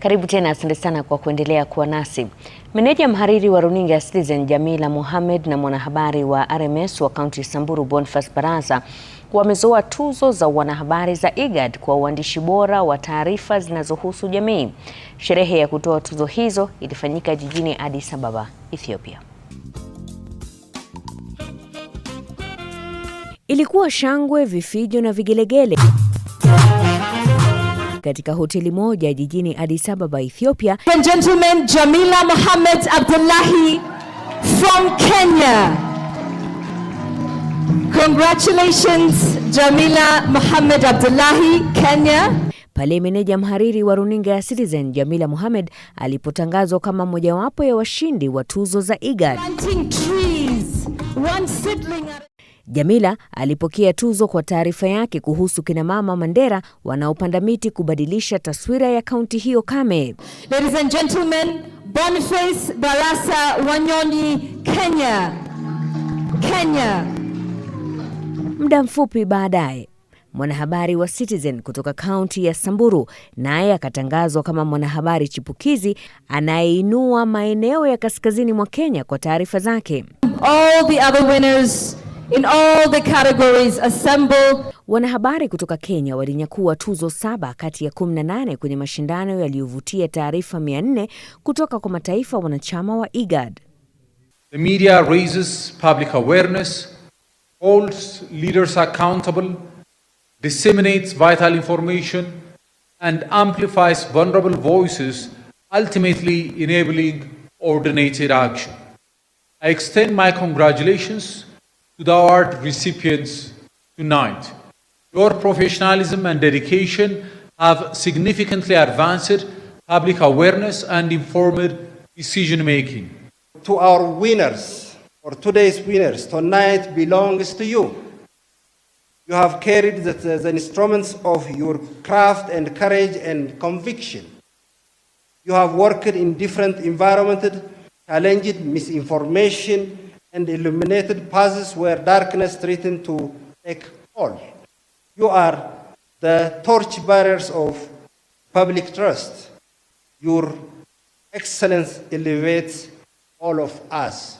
Karibu tena, asante sana kwa kuendelea kuwa nasi. Meneja mhariri wa runinga ya Citizen Jamila Mohamed na mwanahabari wa RMS wa kaunti Samburu Boniface Barasa wamezoa tuzo za wanahabari za IGAD kwa uandishi bora wa taarifa zinazohusu jamii. Sherehe ya kutoa tuzo hizo ilifanyika jijini Addis Ababa, Ethiopia. Ilikuwa shangwe, vifijo na vigelegele katika hoteli moja jijini Addis Ababa, Ethiopia. And gentlemen, Jamila Mohamed Abdullahi from Kenya. Congratulations, Jamila Mohamed Abdullahi, Kenya. Pale meneja mhariri wa runinga ya Citizen Jamila Mohamed alipotangazwa kama mojawapo ya washindi wa tuzo za IGAD. Jamila alipokea tuzo kwa taarifa yake kuhusu kinamama Mandera wanaopanda miti kubadilisha taswira ya kaunti hiyo kame. Ladies and gentlemen, Boniface Barasa Wanyoni, Kenya. Kenya. Muda mfupi baadaye mwanahabari wa Citizen kutoka kaunti ya Samburu naye akatangazwa kama mwanahabari chipukizi anayeinua maeneo ya kaskazini mwa Kenya kwa taarifa zake. All the other winners In all the categories assemble. Wanahabari kutoka Kenya walinyakua tuzo saba kati ya 18 kwenye mashindano yaliyovutia taarifa 400 kutoka kwa mataifa wanachama wa IGAD. The media raises public awareness, holds leaders accountable, disseminates vital information and amplifies vulnerable voices, ultimately enabling coordinated action. I extend my congratulations to the award recipients tonight. Your professionalism and dedication have significantly advanced public awareness and informed decision making. To our winners, or today's winners, tonight belongs to you. You have carried the, the, instruments of your craft and courage and conviction. You have worked in different environments, challenged misinformation, and illuminated paths where darkness threatened to take hold. You are the torch bearers of public trust. Your excellence elevates all of us.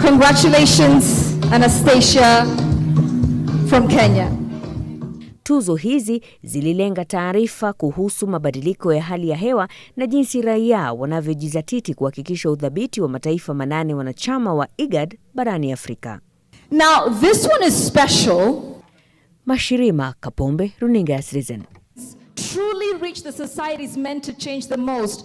Congratulations, Anastasia from Kenya. Tuzo hizi zililenga taarifa kuhusu mabadiliko ya hali ya hewa na jinsi raia wanavyojizatiti kuhakikisha udhabiti wa mataifa manane wanachama wa IGAD barani Afrika. Now, this one is special. Mashirima Kapombe, Runinga ya Citizen. Truly reach the societies meant to change the most